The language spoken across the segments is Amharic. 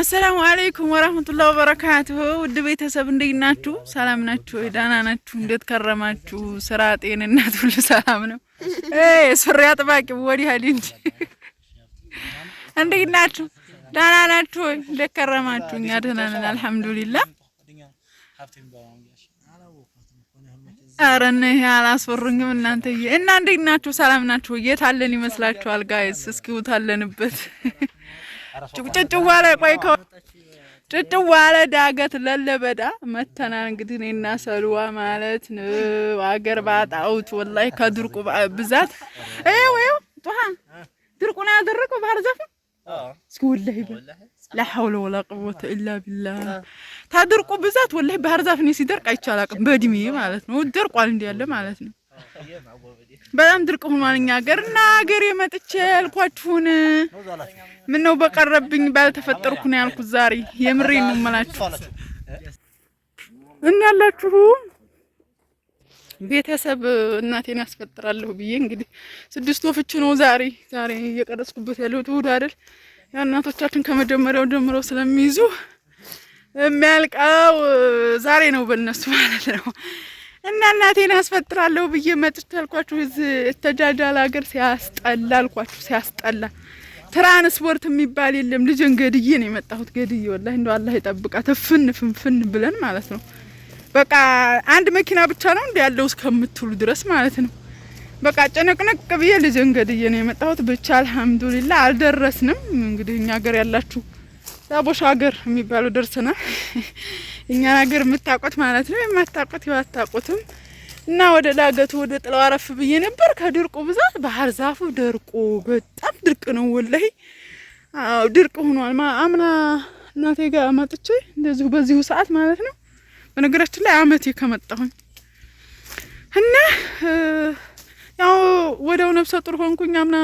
አሰላሙ አለይኩም ወራህመቱላሂ ወበረካቱሁ ውድ ቤተሰብ እንዴት ናችሁ? ሰላም ናችሁ? ደህና ናችሁ? እንዴት ከረማችሁ? ስራ፣ ጤንነት ሁሉ ሰላም ነው? እይ ሱሪ አጥባቂ ወዲህ አለ እንጂ እንዴት ናችሁ? ደህና ናችሁ? እንዴት ከረማችሁ? እኛ ደህና ነን አልሐምዱሊላህ። ኧረ እኔ አላስወሩኝም እናንተዬ። እና እንዴት ናችሁ? ሰላም ናችሁ? የታለን ይመስላችኋል? ጋይስ እስኪ ውታለንበት ጭቅጭጭው አለ ቆይ ጭጭው አለ ዳገት ለለበዳ መተና እንግዲህ እኔና ሰልዋ ማለት ነው። አገር ባጣውት ወላሂ ከድርቁ ብዛት አይው አይው ጧሃ ድርቁ ነው ያደረቀው ባህር ዛፍ እስኪ ወላሂ ላ ሐውለ ወላ ቁወተ ኢላ ቢላህ ታድርቁ ብዛት ወላሂ ባህር ዛፍ ነው ሲደርቅ አይቻል አቅም በእድሜ ማለት ነው። ደርቋል ያለ ማለት ነው በጣም ድርቅ ሆኗል እኛ ሀገር እና ሀገር የመጥቼ ያልኳችሁን ምን ነው በቀረብኝ ባልተፈጠርኩ ነው ያልኩት። ዛሬ የምሬ ነው የምላችሁ እና ያላችሁ ቤተሰብ እናቴን ያስፈጥራለሁ ብዬ እንግዲህ ስድስት ወፍች ነው ዛሬ ዛሬ እየቀረጽኩበት ያለው ትውድ አይደል ያ እናቶቻችን ከመጀመሪያው ጀምሮ ስለሚይዙ የሚያልቀው ዛሬ ነው በእነሱ ማለት ነው። እና እናቴን አስፈጥራለሁ ብዬ መጥቼ አልኳችሁ እዚህ ተጃጃል ሀገር ሲያስጠላ አልኳችሁ ሲያስጠላ ትራንስፖርት የሚባል የለም። ልጅን ገድዬ ነው የመጣሁት። ገድዬ ወላሂ እንደው አላህ ይጠብቃት። ፍን ፍንፍን ብለን ማለት ነው። በቃ አንድ መኪና ብቻ ነው እንዲ ያለው እስከምትሉ ድረስ ማለት ነው። በቃ ጭንቅንቅ ብዬ ልጅን ገድዬ ነው የመጣሁት። ብቻ አልሐምዱሊላ አልደረስንም። እንግዲህ እኛ ሀገር ያላችሁ ዛቦሻ ሀገር የሚባለው ደርሰናል። እኛን ሀገር የምታውቁት ማለት ነው። የማታውቁት አታውቁትም። እና ወደ ዳገቱ ወደ ጥለው አረፍ ብዬ ነበር። ከድርቁ ብዛት ባህር ዛፉ ደርቆ በጣም ድርቅ ነው ወላይ ድርቅ ሆኗል። አምና እናቴ ጋር መጥቼ እንደዚሁ በዚሁ ሰዓት ማለት ነው። በነገራችን ላይ አመቴ ከመጣሁኝ እና ያው ወደው ነብሰ ጡር ሆንኩኝ። አምና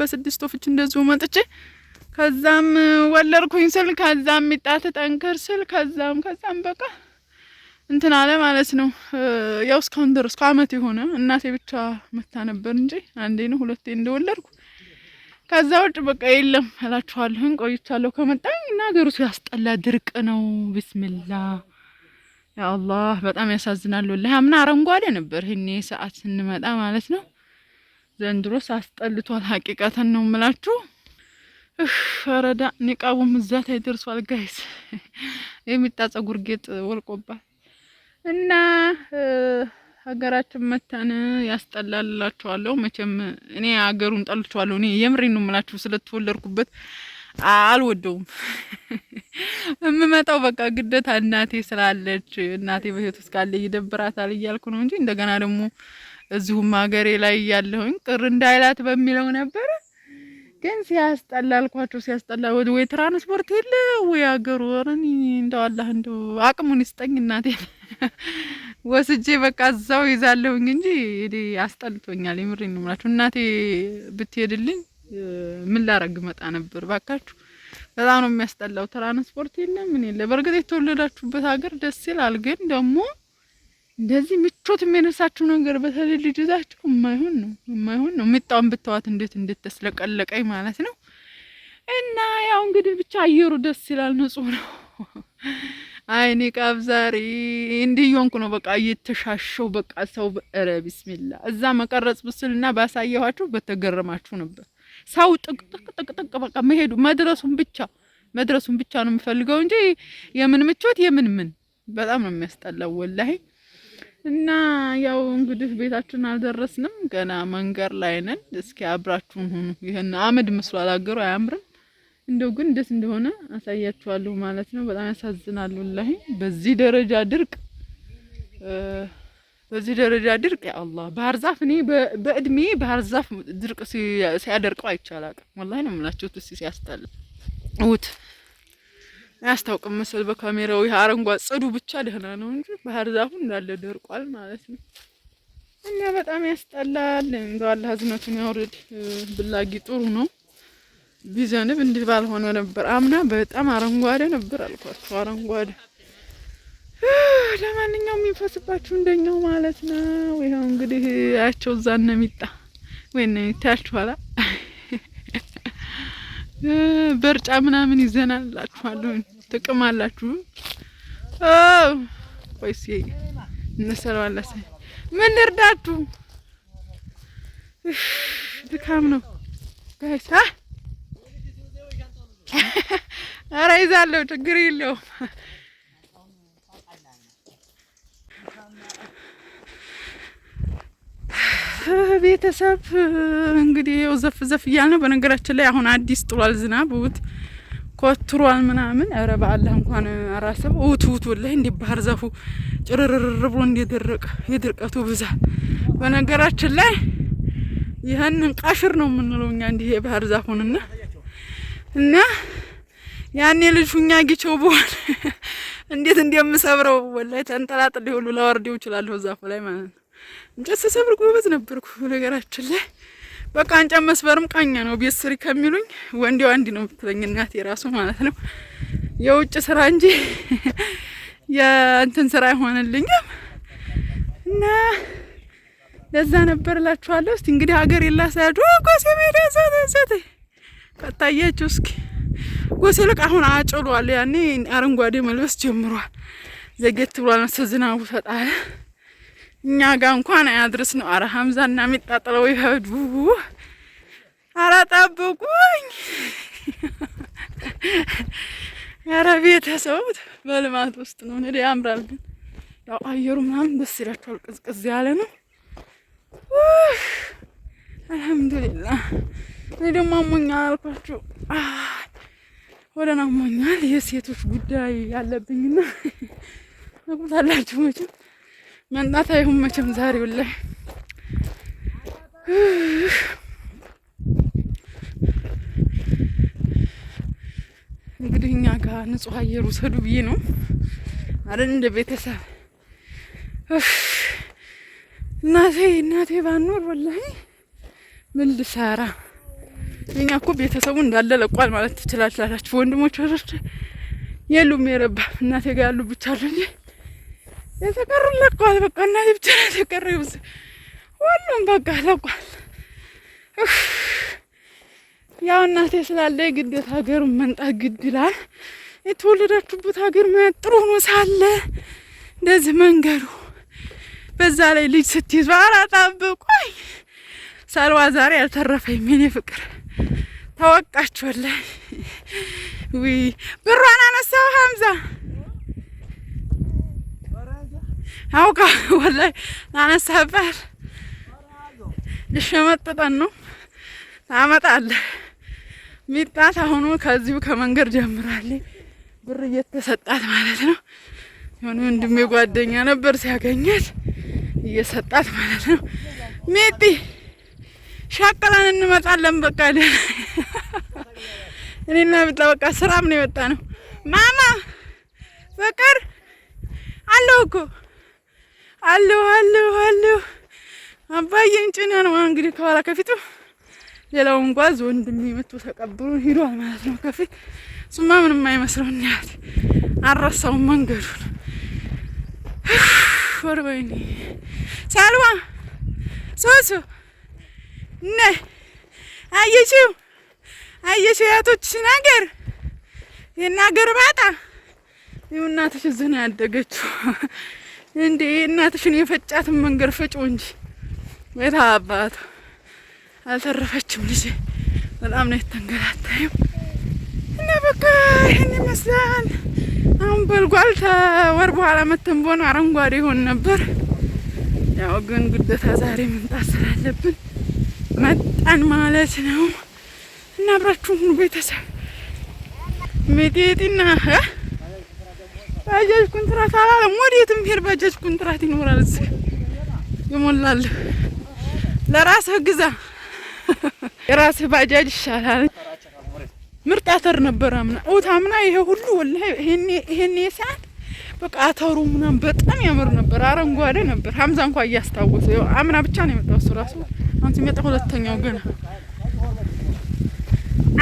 በስድስት ወፍች እንደዚሁ መጥቼ ከዛም ወለድኩኝ ስል ከዛም ሚጣት ጠንክር ስል ከዛም ከዛም በቃ እንትን አለ ማለት ነው። ያው እስካሁን ድረስ ከአመት የሆነ እናቴ ብቻ መታ ነበር እንጂ አንዴ ነው ሁለቴ እንደወለድኩ። ከዛ ውጭ በቃ የለም እላችኋለሁኝ። ቆይቻለሁ ከመጣኝ እና ሀገሩ ያስጠላ ድርቅ ነው። ብስምላ ያአላህ በጣም ያሳዝናል። ወላሂ አምና አረንጓዴ ነበር ይሄኔ ሰዓት ስንመጣ ማለት ነው። ዘንድሮስ አስጠልቷል። ሀቂቀተን ነው ምላችሁ ረዳ ኒቃቡም እዛት ይደርሷል። ጋይስ የሚጣ ጸጉር ጌጥ ወልቆባት እና ሀገራችን መተን ያስጠላላችኋለሁ። መቼም እኔ ሀገሩን ጠልቼዋለሁ። እኔ የምሬን ነው የምላችሁ ስለተወለድኩበት አልወደውም። የምመጣው በቃ ግደታ እናቴ ስላለች እናቴ በህይወት እስካለ ይደብራታል እያልኩ ነው እንጂ እንደገና ደግሞ እዚሁም ሀገሬ ላይ ያለሁኝ ቅር እንዳይላት በሚለው ነበር ግን ሲያስጠላ አልኳቸው። ሲያስጠላ ወደ ወይ ትራንስፖርት የለ ወይ አገሩ ወረን እንደው አላህ እንደው አቅሙን ይስጠኝ እናቴ ወስጄ በቃ እዛው ይዛለሁኝ እንጂ እኔ አስጠልቶኛል። የምሬ ነው የምላችሁ እናቴ ብትሄድልኝ ምን ላረግ መጣ ነበር ባካችሁ። በጣም ነው የሚያስጠላው። ትራንስፖርት የለ ምን የለ። በእርግጥ የተወለዳችሁበት ሀገር ደስ ይላል፣ ግን ደግሞ እንደዚህ ምቾት የሚነሳችሁ ነገር በተለይ ልጅዛችሁ የማይሆን ነው የማይሆን ነው። ምጣውን ብታዋት እንዴት እንድትስለቀለቀኝ ማለት ነው። እና ያው እንግዲህ ብቻ አየሩ ደስ ይላል፣ ንጹህ ነው። አይኔ ቃብ እንዲህ እየሆንኩ ነው። በቃ እየተሻሸው በቃ ሰው ኧረ ቢስሚላ እዛ መቀረጽ ብስልና ባሳየኋችሁ በተገረማችሁ ነበር። ሰው ጥቅጥቅ ጥቅጥቅ በቃ መሄዱ መድረሱን ብቻ መድረሱን ብቻ ነው የምፈልገው እንጂ የምን ምቾት የምን ምን በጣም ነው የሚያስጠላው ወላሂ። እና ያው እንግዲህ ቤታችን አልደረስንም፣ ገና መንገድ ላይ ነን። እስኪ አብራችሁን ሁኑ። ይሄን አመድ መስሏል አገሩ አያምርም። እንደው ግን እንዴት እንደሆነ አሳያችኋለሁ ማለት ነው። በጣም ያሳዝናሉ። ወላሂ። በዚህ ደረጃ ድርቅ በዚህ ደረጃ ድርቅ ያ አላህ። ባህር ዛፍ እኔ በእድሜ ባህር ዛፍ ድርቅ ሲያደርቀው አይቻል አቅም ወላሂ ነው የምላችሁት። እስኪ ሲያስጠላ ውት አያስታውቅም መሰል በካሜራው ይህ አረንጓ ጽዱ ብቻ ደህና ነው እንጂ ባህር ዛፉ እንዳለ ደርቋል ማለት ነው። እና በጣም ያስጠላል። እንደው አላህ ህዝነቱን ያውርድ። ብላጊ ጥሩ ነው ቢዘንብ እንዲህ ባልሆነ ነበር። አምና በጣም አረንጓዴ ነበር አልኳቸው። አረንጓዴ ለማንኛውም የሚፈስባችሁ እንደኛው ማለት ነው። ይኸው እንግዲህ ያቸው እዛ ነው የሚጣ ወይ ነው ይታያችኋላ። በርጫ ምናምን ይዘናል እላችኋለሁ። ጥቅም አላችሁ ወይስ እንሰለዋለስ? ምን እርዳችሁ? ድካም ነው ጋይስ። አረ ይዛለሁ፣ ችግር የለውም። ቤተሰብ እንግዲህ ዘፍ ዘፍ እያልን ነው። በነገራችን ላይ አሁን አዲስ ጥሏል ዝናብ ውት ኮትሯል ምናምን። ኧረ በአላህ እንኳን አራሰብ ውት ውት ላይ እንዴ ባህር ዛፉ ጭርርርር ብሎ እንደደረቀ የድርቀቱ ብዛ። በነገራችን ላይ ይህንን ቃሽር ነው የምንለው እኛ እንዲህ የባህር ዛፉንና እና ያኔ ልጅ ሁኛ ጊቸው በሆን እንዴት እንደምሰብረው ወላይ ተንጠላጥል ሁሉ ላወርደው እችላለሁ ዛፉ ላይ ማለት ነው። እንጨት ስሰብር ጎበዝ ነበርኩ በነገራችን ላይ በቃ አንጫ መስበርም ቃኛ ነው። ቤት ስሪ ከሚሉኝ ወንዴው አንድ ነው የምትለኝ እናቴ ራሱ ማለት ነው። የውጭ ስራ እንጂ የእንትን ስራ አይሆንልኝም እና ለዛ ነበር እላችኋለሁ። እስቲ እንግዲህ ሀገር የላሳያችሁ ጓሴ ሜዳ ሰተሰተ ቀጣያችሁ እስኪ ጎሴ ልቅ አሁን አጭሏል። ያኔ አረንጓዴ መልበስ ጀምሯል። ዘጌት ብሏል መሰል ዝናቡ ተጣለ። እኛ ጋር እንኳን አያድርስ ነው። አረ ሀምዛና የሚጣጥለው ይሄዱ። አረ ጠብቁኝ። አረ ቤተሰብ በልማት ውስጥ ነው። እንግዲህ ያምራል፣ ግን ያው አየሩ ምናምን ደስ ይላቸዋል። ቅዝቅዝ ያለ ነው። አልሐምዱሊላ እኔ ደግሞ አሞኛል አልኳችሁ፣ ወደን አሞኛል። የሴቶች ጉዳይ ያለብኝና ታላችሁ መቼም መምጣት አይሁን መቼም ዛሬው ላይ እንግዲህ እኛ ጋር ንጹህ አየር ውሰዱ ብዬ ነው አይደል እንደ ቤተሰብ እናቴ እናቴ ባኖር ወላሂ ምን ልሰራ እኛ እኮ ቤተሰቡ እንዳለ ለቋል ማለት ትችላላችሁ ወንድሞች ወሮች የሉም የረባ እናቴ ጋር ያሉ ብቻ አሉ እንጂ የተቀሩ ለቋል። በቃ እናቴ ብቻ ነው የተቀረው። ይብስ ሁሉም በቃ ለቋል። ያው እናቴ ስላለ ግዴታ ሀገር መንጣት ግድ ይላል። የተወለዳችሁበት ሀገር ጥሩ ሆኖ ሳለ እንደዚህ መንገዱ በዛ ላይ ልጅ ስትይዝ ባላጣበቆይ ሳልዋ ዛሬ ያልተረፈኝ ፍቅር ውይ ብሯን አነሳው ሀምዛ አውቃ ወላሂ ታነሳበት ልሸመጥጠን ነው ሚጣት አሁኑ ከዚሁ ከመንገድ ብር እየተሰጣት ማለት ነው። የሆነ ወንድሜ ጓደኛ ነበር ሲያገኛት እየሰጣት ማለት ነው። ሚጢ ሻቀላን እንመጣለን። በቃ እኔና ሚጣ በቃ ስራም ነው የወጣ ነው። ማማ ፍቅር አለው እኮ አለሁ አለሁ አለሁ አባዬን ጭነ ነው እንግዲህ ከኋላ ከፊቱ ሌላውን ጓዝ ወንድም የመጡ ተቀብሎ ሂዷል ማለት ነው። ከፊት ሱማ ምንም አይመስለውን ያህል አረሳው መንገዱን። ወርበይኒ ሳልዋ ሶሶ ነ አየችው አየችው ያቶች ነገር የናገር ባጣ ይኸው እናትሽ ያደገችው። እንዴ እናትሽን የፈጫትን መንገድ ፈጮ እንጂ ቤታ አባቱ አልተረፈችም። ልጅ በጣም ነው የተንገላታዩ። እና በቃ ይህን ይመስላል። አሁን በልጓል። ተወር በኋላ መተን በሆነ አረንጓዴ ይሆን ነበር። ያው ግን ግዴታ ዛሬ መምጣት ስላለብን መጣን ማለት ነው። እና አብራችሁን ሁሉ ቤተሰብ ሜጤጤና ባጃጅ ኩንትራት አላለም። ወዴትም ሄድ ባጃጅ ኩንትራት ይኖራል። እዚህ ይሞላል። ለራስህ ግዛ፣ የራስህ ባጃጅ ይሻላል። ምርጥ አተር ነበር አምና ኦት አምና ይሄ ሁሉ ወላሂ ይሄኔ ይሄኔ በቃ አተሩ ምናም በጣም ያምር ነበር፣ አረንጓዴ ነበር። ሀምዛ እንኳ እያስታወሰ አምና ብቻ ነው የመጣው እሱ ራሱ አሁን ሲመጣ ሁለተኛው ገና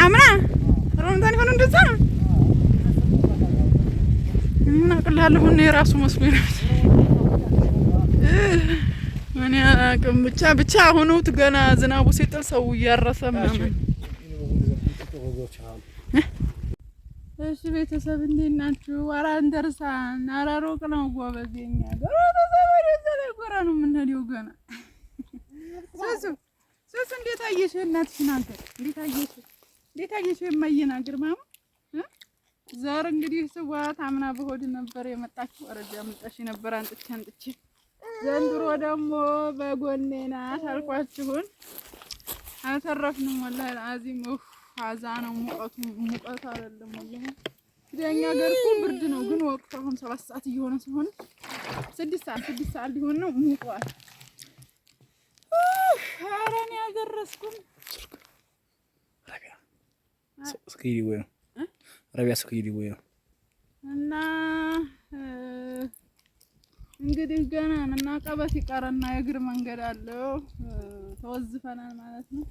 አምና ረምዛን ይሆን እንደዛ ነው ምን አቅላለሁ እና የራሱ መስሎ ነው እኔ አቅም ብቻ ብቻ ገና ዝናቡ ሲጥል ሰው እያረሰ ምናምን። እሺ ቤተሰብ እንዴት ናችሁ? ኧረ እንደርሳን። ነው ጎበዝ። ጎራ ነው የምንሄደው ገና። ሱሱ እንዴት እንዴት እንዴት የማየን አገር ማማ ዛሬ እንግዲህ ስዋት አምና በሆድ ነበር የመጣችው። ወረጃ ምጣሽ ነበር አንጥቼ አንጥቼ ዘንድሮ ደግሞ በጎኔ ናት አልኳችሁን። አልተረፍንም። ወላሂ አዚም አዛ ነው ሙቀቱ። ሙቀት አይደለም ወላሂ እኛ ገር እኮ ብርድ ነው፣ ግን ወቅቱ አሁን ሰባት ሰዓት እየሆነ ሲሆን ስድስት ሰዓት ስድስት ሰዓት ሊሆን ነው። ሙቀዋል። ኧረ እኔ አልደረስኩም። ረቢያ ሱቅ ሂድ ወይ ነው እና እንግዲህ ገና እና ቀበት ይቀረና የእግር መንገድ አለው ተወዝፈናል ማለት ነው።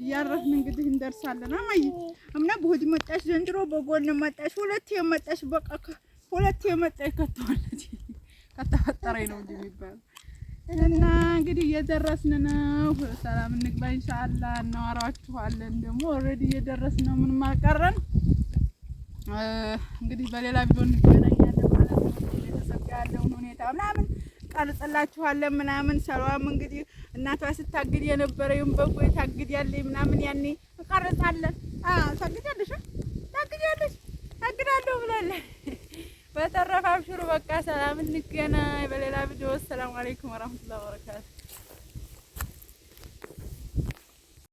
እያረፍን እንግዲህ እንደርሳለን። አማዬ አምና በሆድ መጣሽ፣ ዘንድሮ በጎን መጣሽ፣ ሁለት የመጣሽ በቃ ሁለት የመጣሽ ከተዋለች ከተፈጠረኝ ነው እንጂ የሚባለው እና እንግዲህ እየደረስን ነው። ሰላም እንግባ ኢንሻአላህ፣ እናወራችኋለን ደግሞ ኦልሬዲ እየደረስን ነው። ምን ማቀረን እንግዲህ በሌላ ቪዲዮ እንገናኛለን ሁኔታ ምናምን ቀርጽላችኋለን ምናምን። እንግዲህ እናቷ ስታግድ የነበረውን በጎ ታግድ ያለ ምናምን ያኔ እቀርጻለን። ታግዳለሁ ብላለች። በተረፈ አብሽሩ በቃ ሰላም እንገናኝ በሌላ ቪዲዮ። ሰላም አለይኩም ወራህመቱላሂ ወበረካቱ